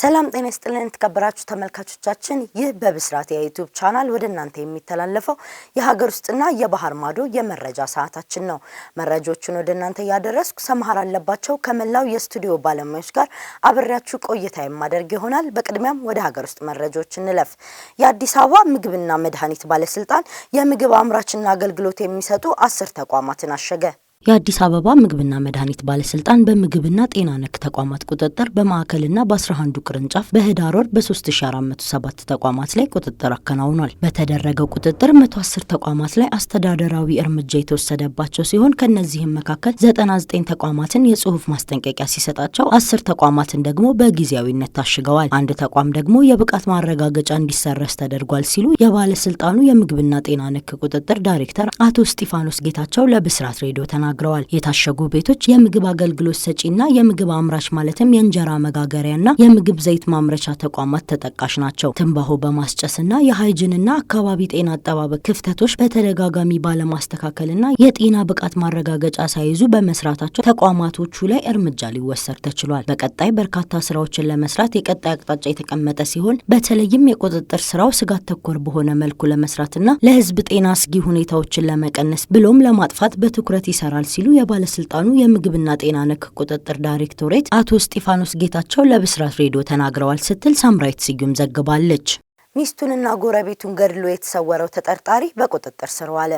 ሰላም ጤና ይስጥልን የተከበራችሁ ተመልካቾቻችን፣ ይህ በብስራት የዩቲዩብ ቻናል ወደ እናንተ የሚተላለፈው የሀገር ውስጥና የባህር ማዶ የመረጃ ሰዓታችን ነው። መረጃዎቹን ወደ እናንተ እያደረስኩ ሰምሃር አለባቸው ከመላው የስቱዲዮ ባለሙያዎች ጋር አብሬያችሁ ቆይታ የማደርግ ይሆናል። በቅድሚያም ወደ ሀገር ውስጥ መረጃዎች እንለፍ። የአዲስ አበባ ምግብና መድኃኒት ባለስልጣን የምግብ አምራችና አገልግሎት የሚሰጡ አስር ተቋማትን አሸገ። የአዲስ አበባ ምግብና መድኃኒት ባለስልጣን በምግብና ጤና ነክ ተቋማት ቁጥጥር በማዕከልና በአስራ ዱ ቅርንጫፍ በህዳር ወር በ3407 ተቋማት ላይ ቁጥጥር አከናውኗል። በተደረገው ቁጥጥር 110 ተቋማት ላይ አስተዳደራዊ እርምጃ የተወሰደባቸው ሲሆን ከእነዚህም መካከል 99 ተቋማትን የጽሁፍ ማስጠንቀቂያ ሲሰጣቸው፣ አስር ተቋማትን ደግሞ በጊዜያዊነት ታሽገዋል። አንድ ተቋም ደግሞ የብቃት ማረጋገጫ እንዲሰረስ ተደርጓል ሲሉ የባለስልጣኑ የምግብና ጤና ነክ ቁጥጥር ዳይሬክተር አቶ ስጢፋኖስ ጌታቸው ለብስራት ሬዲዮ ተናግረዋል። ተናግረዋል። የታሸጉ ቤቶች የምግብ አገልግሎት ሰጪና የምግብ አምራች ማለትም የእንጀራ መጋገሪያና የምግብ ዘይት ማምረቻ ተቋማት ተጠቃሽ ናቸው። ትንባሆ በማስጨስና የሀይጅንና አካባቢ ጤና አጠባበቅ ክፍተቶች በተደጋጋሚ ባለማስተካከልና የጤና ብቃት ማረጋገጫ ሳይዙ በመስራታቸው ተቋማቶቹ ላይ እርምጃ ሊወሰድ ተችሏል። በቀጣይ በርካታ ስራዎችን ለመስራት የቀጣይ አቅጣጫ የተቀመጠ ሲሆን በተለይም የቁጥጥር ስራው ስጋት ተኮር በሆነ መልኩ ለመስራትና ለህዝብ ጤና አስጊ ሁኔታዎችን ለመቀነስ ብሎም ለማጥፋት በትኩረት ይሰራል ይሆናል ሲሉ የባለስልጣኑ የምግብና ጤና ነክ ቁጥጥር ዳይሬክቶሬት አቶ እስጢፋኖስ ጌታቸው ለብስራት ሬዲዮ ተናግረዋል ስትል ሳምራይት ስዩም ዘግባለች። ሚስቱንና ጎረቤቱን ገድሎ የተሰወረው ተጠርጣሪ በቁጥጥር ስር ዋለ።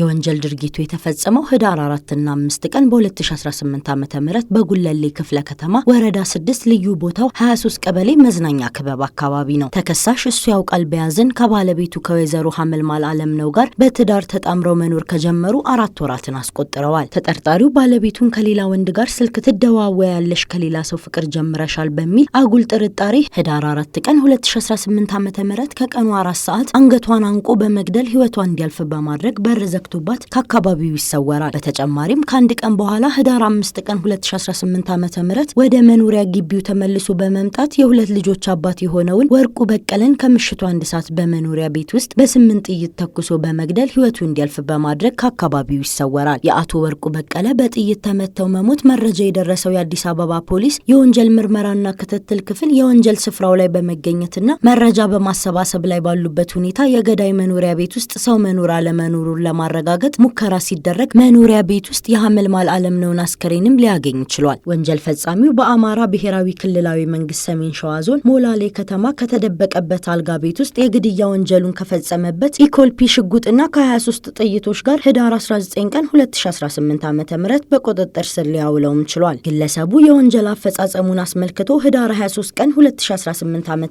የወንጀል ድርጊቱ የተፈጸመው ህዳር 4ና 5 ቀን በ2018 ዓ ም በጉለሌ ክፍለ ከተማ ወረዳ ስድስት ልዩ ቦታው 23 ቀበሌ መዝናኛ ክበብ አካባቢ ነው። ተከሳሽ እሱ ያውቃል በያዝን ከባለቤቱ ከወይዘሮ ሀመልማል አለም ነው ጋር በትዳር ተጣምረው መኖር ከጀመሩ አራት ወራትን አስቆጥረዋል። ተጠርጣሪው ባለቤቱን ከሌላ ወንድ ጋር ስልክ ትደዋወያለሽ፣ ከሌላ ሰው ፍቅር ጀምረሻል በሚል አጉል ጥርጣሬ ህዳር 4 ቀን 2018 ዓ ም ከቀኑ አራት ሰዓት አንገቷን አንቆ በመግደል ህይወቷ እንዲያልፍ በማድረግ በርዘ ተዘግቶባት ከአካባቢው ይሰወራል። በተጨማሪም ከአንድ ቀን በኋላ ህዳር አምስት ቀን 2018 ዓ ም ወደ መኖሪያ ግቢው ተመልሶ በመምጣት የሁለት ልጆች አባት የሆነውን ወርቁ በቀለን ከምሽቱ አንድ ሰዓት በመኖሪያ ቤት ውስጥ በስምንት ጥይት ተኩሶ በመግደል ህይወቱ እንዲያልፍ በማድረግ ከአካባቢው ይሰወራል። የአቶ ወርቁ በቀለ በጥይት ተመተው መሞት መረጃ የደረሰው የአዲስ አበባ ፖሊስ የወንጀል ምርመራና ክትትል ክፍል የወንጀል ስፍራው ላይ በመገኘትና መረጃ በማሰባሰብ ላይ ባሉበት ሁኔታ የገዳይ መኖሪያ ቤት ውስጥ ሰው መኖር አለመኖሩን ለማረ ለማረጋገጥ ሙከራ ሲደረግ መኖሪያ ቤት ውስጥ የሐመልማል አለምነውን አስከሬንም ሊያገኝ ችሏል። ወንጀል ፈጻሚው በአማራ ብሔራዊ ክልላዊ መንግስት ሰሜን ሸዋ ዞን ሞላሌ ከተማ ከተደበቀበት አልጋ ቤት ውስጥ የግድያ ወንጀሉን ከፈጸመበት ኢኮልፒ ሽጉጥና ከ23 ጥይቶች ጋር ህዳር 19 ቀን 2018 ዓ ም በቁጥጥር ስር ሊያውለውም ችሏል። ግለሰቡ የወንጀል አፈጻጸሙን አስመልክቶ ህዳር 23 ቀን 2018 ዓ ም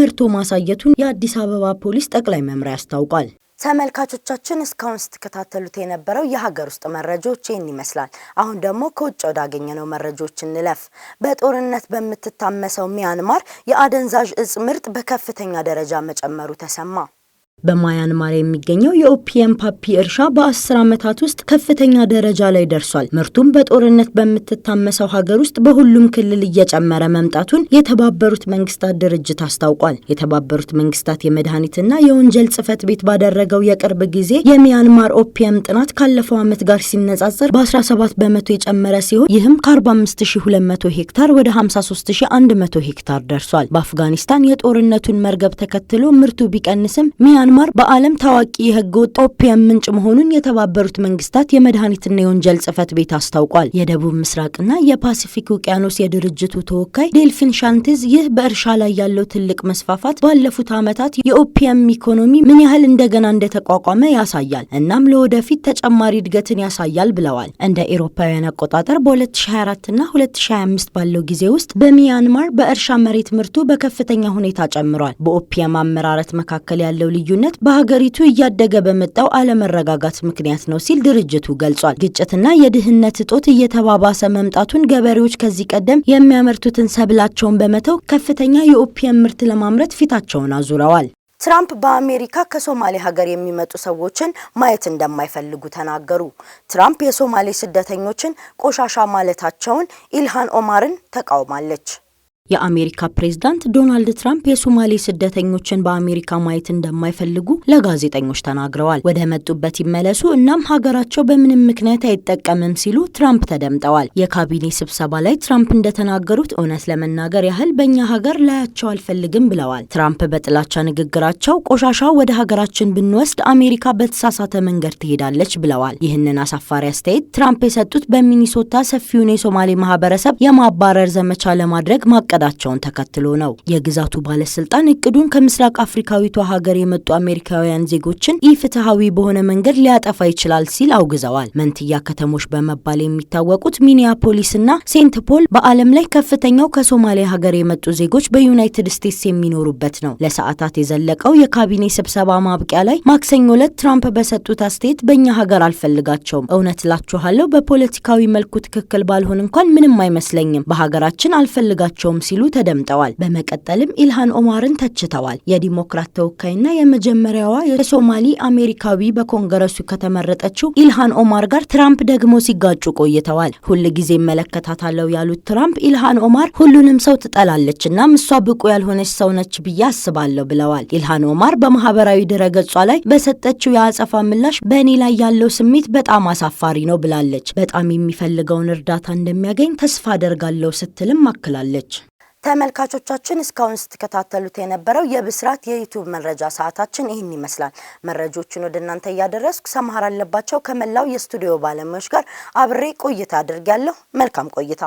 መርቶ ማሳየቱን የአዲስ አበባ ፖሊስ ጠቅላይ መምሪያ አስታውቋል። ተመልካቾቻችን እስካሁን ስትከታተሉት የነበረው የሀገር ውስጥ መረጃዎች ይህን ይመስላል። አሁን ደግሞ ከውጭ ወዳገኘነው መረጃዎች እንለፍ። በጦርነት በምትታመሰው ሚያንማር የአደንዛዥ እጽ ምርት በከፍተኛ ደረጃ መጨመሩ ተሰማ። በማያንማር የሚገኘው የኦፒየም ፓፒ እርሻ በአስር ዓመታት ውስጥ ከፍተኛ ደረጃ ላይ ደርሷል። ምርቱም በጦርነት በምትታመሰው ሀገር ውስጥ በሁሉም ክልል እየጨመረ መምጣቱን የተባበሩት መንግስታት ድርጅት አስታውቋል። የተባበሩት መንግስታት የመድኃኒትና የወንጀል ጽህፈት ቤት ባደረገው የቅርብ ጊዜ የሚያንማር ኦፒየም ጥናት ካለፈው ዓመት ጋር ሲነጻጸር በ17 በመቶ የጨመረ ሲሆን ይህም ከ45200 ሄክታር ወደ 53100 ሄክታር ደርሷል። በአፍጋኒስታን የጦርነቱን መርገብ ተከትሎ ምርቱ ቢቀንስም ሚያን ሚያንማር በዓለም ታዋቂ ወጥ ኦፒየም ምንጭ መሆኑን የተባበሩት መንግስታት የመድኃኒትና የወንጀል ጽህፈት ቤት አስታውቋል። የደቡብ ምስራቅና የፓሲፊክ ውቅያኖስ የድርጅቱ ተወካይ ዴልፊን ሻንቲዝ ይህ በእርሻ ላይ ያለው ትልቅ መስፋፋት ባለፉት ዓመታት የኦፒየም ኢኮኖሚ ምን ያህል እንደገና እንደተቋቋመ ያሳያል፣ እናም ለወደፊት ተጨማሪ እድገትን ያሳያል ብለዋል። እንደ ኤሮፓውያን አቆጣጠር በ2024 ና 2025 ባለው ጊዜ ውስጥ በሚያንማር በእርሻ መሬት ምርቱ በከፍተኛ ሁኔታ ጨምሯል። በኦፒየም አመራረት መካከል ያለው ልዩነት ተጠያቂነት በሀገሪቱ እያደገ በመጣው አለመረጋጋት ምክንያት ነው ሲል ድርጅቱ ገልጿል። ግጭትና የድህነት እጦት እየተባባሰ መምጣቱን ገበሬዎች ከዚህ ቀደም የሚያመርቱትን ሰብላቸውን በመተው ከፍተኛ የኦፒየም ምርት ለማምረት ፊታቸውን አዙረዋል። ትራምፕ በአሜሪካ ከሶማሌ ሀገር የሚመጡ ሰዎችን ማየት እንደማይፈልጉ ተናገሩ። ትራምፕ የሶማሌ ስደተኞችን ቆሻሻ ማለታቸውን ኢልሃን ኦማርን ተቃውማለች። የአሜሪካ ፕሬዝዳንት ዶናልድ ትራምፕ የሶማሌ ስደተኞችን በአሜሪካ ማየት እንደማይፈልጉ ለጋዜጠኞች ተናግረዋል። ወደ መጡበት ይመለሱ እናም ሀገራቸው በምንም ምክንያት አይጠቀምም ሲሉ ትራምፕ ተደምጠዋል። የካቢኔ ስብሰባ ላይ ትራምፕ እንደተናገሩት እውነት ለመናገር ያህል በእኛ ሀገር ላያቸው አልፈልግም ብለዋል። ትራምፕ በጥላቻ ንግግራቸው ቆሻሻው ወደ ሀገራችን ብንወስድ አሜሪካ በተሳሳተ መንገድ ትሄዳለች ብለዋል። ይህንን አሳፋሪ አስተያየት ትራምፕ የሰጡት በሚኒሶታ ሰፊውን የሶማሌ ማህበረሰብ የማባረር ዘመቻ ለማድረግ ማቀ መፍቀዳቸውን ተከትሎ ነው። የግዛቱ ባለስልጣን እቅዱን ከምስራቅ አፍሪካዊቷ ሀገር የመጡ አሜሪካውያን ዜጎችን ኢፍትሐዊ በሆነ መንገድ ሊያጠፋ ይችላል ሲል አውግዘዋል። መንትያ ከተሞች በመባል የሚታወቁት ሚኒያፖሊስና ሴንት ፖል በዓለም ላይ ከፍተኛው ከሶማሊያ ሀገር የመጡ ዜጎች በዩናይትድ ስቴትስ የሚኖሩበት ነው። ለሰዓታት የዘለቀው የካቢኔ ስብሰባ ማብቂያ ላይ ማክሰኞ ዕለት ትራምፕ በሰጡት አስተያየት በእኛ ሀገር አልፈልጋቸውም፣ እውነት እላችኋለሁ፣ በፖለቲካዊ መልኩ ትክክል ባልሆን እንኳን ምንም አይመስለኝም፣ በሀገራችን አልፈልጋቸውም ሲሉ ተደምጠዋል። በመቀጠልም ኢልሃን ኦማርን ተችተዋል። የዲሞክራት ተወካይና የመጀመሪያዋ የሶማሊ አሜሪካዊ በኮንግረሱ ከተመረጠችው ኢልሃን ኦማር ጋር ትራምፕ ደግሞ ሲጋጩ ቆይተዋል። ሁል ጊዜ እመለከታታለሁ ያሉት ትራምፕ ኢልሃን ኦማር ሁሉንም ሰው ትጠላለች፣ ና እሷ ብቁ ያልሆነች ሰው ነች ብዬ አስባለሁ ብለዋል። ኢልሃን ኦማር በማህበራዊ ድረገጿ ላይ በሰጠችው የአጸፋ ምላሽ በእኔ ላይ ያለው ስሜት በጣም አሳፋሪ ነው ብላለች። በጣም የሚፈልገውን እርዳታ እንደሚያገኝ ተስፋ አደርጋለሁ ስትልም አክላለች። ተመልካቾቻችን እስካሁን ስትከታተሉት የነበረው የብስራት የዩቲዩብ መረጃ ሰዓታችን ይህን ይመስላል። መረጆቹን ወደ እናንተ እያደረስኩ ሰማሃር አለባቸው ከመላው የስቱዲዮ ባለሙያዎች ጋር አብሬ ቆይታ አድርጊያለሁ። መልካም ቆይታ